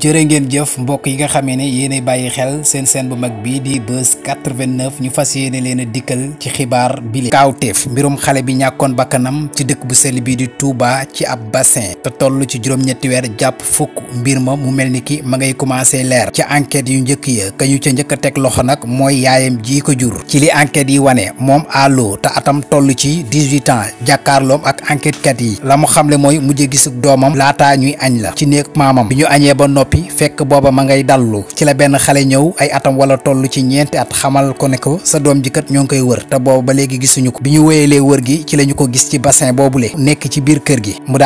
jere ngeen jëf mbokk yi nga xamee ne yéenay bàyyi xel seen seen bu mag bii di bus 89 ñu fas yéene leen a dikkal ci xibaar bile kaawteef mbirum xale bi ñàkkoon bakkanam ci dëkk bu sel bii di Touba ci ab bassin te toll ci juróom-ñetti weer jàpp fukk mbir ma mu mel ni ki ma ngay commencé leer ci enquête yu njëkk ya ka ñu ca njëkk a teg loxo nag mooy yaayam ji ko jur ci li enquête yi wane moom àlloo te atam toll ci 18 ans jàkkaarloom ak enquête kat yi la mu xamle mooy mujj gisug doomam laataa ñuy añ la ci néeg maamam bi ñu añee ba nopi fekk boba ma ngay dallu ci la ben xalé ñew ay atam wala tollu ci ñent at xamal ko ne ko sa dom ji kat ñong koy wër ta booba ba léegi gisunu ko biñu ñu wër gi ci lañu ko gis ci bassin nekk ci biir kër gi mu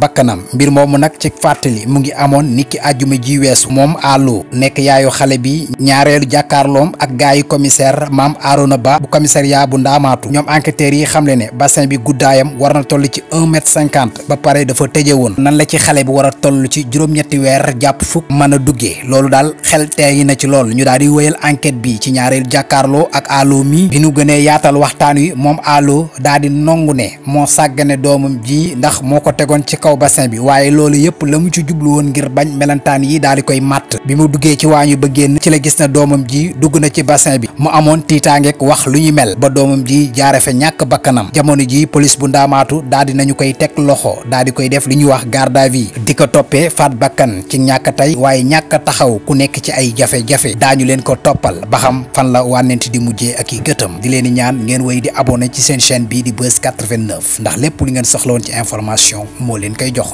bakkanam mbir momu nak ci fatali mu ngi amoon niki aljuma ji wess mom alu nekk yaayu xalé bi ñaarelu jakarlom ak gaayu commissaire mam Arona Ba bu commissariat bu ndamatu ñom enquêteur yi xam leene bassin bi guddayam war na toll ci 1m50 ba pare dafa tejeewon nan la ci xalé bi wara tollu ci juroom ñetti ja japp fuk mana duggé lolu dal xel téyi na ci Nyu ñu daal di wëyal enquête bi ci ñaarel jakarlo ak alo mi bi tani, gëné yaatal waxtaan wi mom alo daal di nongu né mo sagane doomum ji ndax moko tégon ci kaw bassin bi waye lolu yépp lamu ci jublu won ngir bañ melantaan yi daal di koy matt bi mu duggé ci wañu ba ci la gis na doomum ji dugg na ci bassin bi mu amone titange wax luñu mel ba doomum ji jaaré fa ñak bakkanam jamono ji police bu ndamatu daal di nañu koy tek loxo daal di koy def liñu wax garde à diko topé fat bakkan ci ñaka tay waye ñaka taxaw ku nekk ci ay jafe-jafe dañu leen ko toppal ba xam fan la di mujjé ak i di leen ñaan ngeen wéy di abonné ci seen chaîne bi di Buzz 89 ndax lepp li ngeen soxla won ci information mo leen kay jox